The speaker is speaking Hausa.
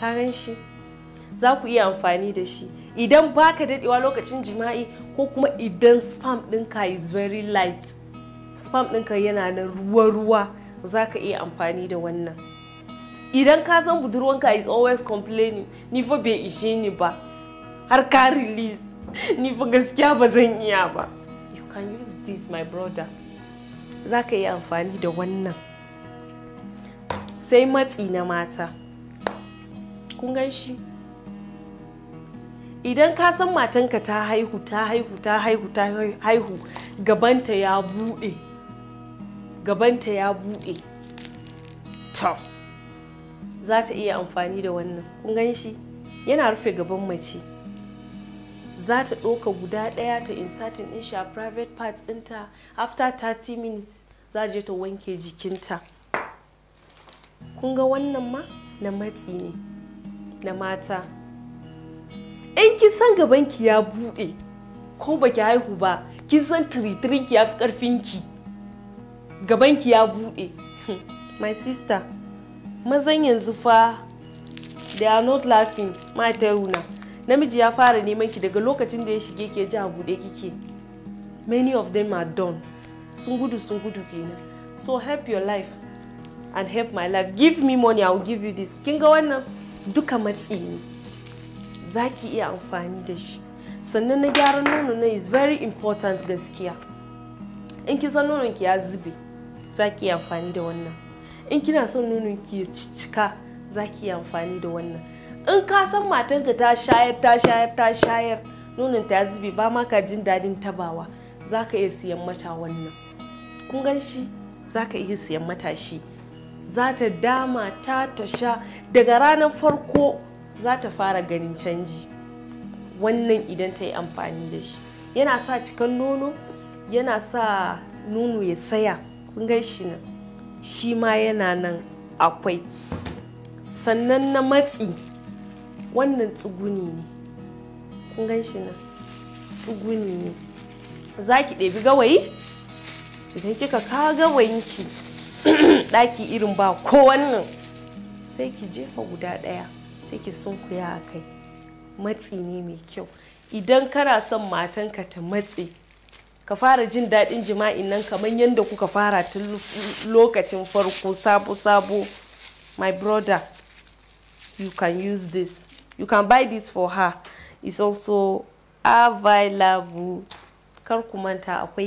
ka shi za ku iya amfani da shi idan baka dadewa lokacin jima'i ko kuma idan spam ɗinka is very light spam ɗinka yana na ruwa-ruwa za ka iya amfani da wannan idan ka san budurwanka is always complaining ni fa bai ishe ni ba har ka release ni fa gaskiya ba zan iya ba you can use this my brother za ka iya amfani da wannan sai matsi na mata kun gan shi idan ka san matanka ta haihu ta haihu ta haihu ta haihu gabanta ya buɗe gabanta ya buɗe ta za ta iya amfani da wannan kun gan shi yana rufe gaban mace za ta ɗauka guda ɗaya ta insatin ɗin sha a private part ɗinta after 30 minutes za je ta wanke jikinta kun ga wannan ma na matsi ne Na mata in ki san gabanki ya bude ko baki haihu ba kin san tiritirinki ya fi gaban gabanki ya bude. my sister mazan yanzu fa they are not laughing my teruna namiji ya fara neman ki daga lokacin da ya shige ke ji a buɗe kike many of them are done sun gudu sun gudu kenan so help your life and help my life give me money i will give you this kin ga wannan duka matsi ne za ki iya amfani da shi sannan na gyaran nono na is very important gaskiya in ki san nonon ki ya zube za ki iya amfani da wannan in kina son nonon ki ya cicika za ki iya amfani da wannan in ka san matanka ta shayar ta shayar ta shayar nonon ta ya zube ba ma ka jin dadin tabawa za ka iya siyan mata wannan kun gan shi za ka iya siyan mata shi za ta dama ta ta sha daga ranar farko za ta fara ganin canji wannan idan ta yi amfani da shi yana sa cikan nono yana sa nono ya tsaya. kun shi nan shi ma yana nan akwai sannan na matsi wannan tsuguni ne kun gan shi nan tsuguni ne za ki ɗebi gawayi idan kika ka gawayinki daki irin ba ko wannan sai ki jefa guda ɗaya sai ki sunkuya a kai matsi ne mai kyau idan kana son matanka ta matse ka fara jin daɗin jima'in nan kamar yadda kuka fara tun lokacin farko sabo-sabo my brother you can use this you can buy this for her it's also available kar ku manta akwai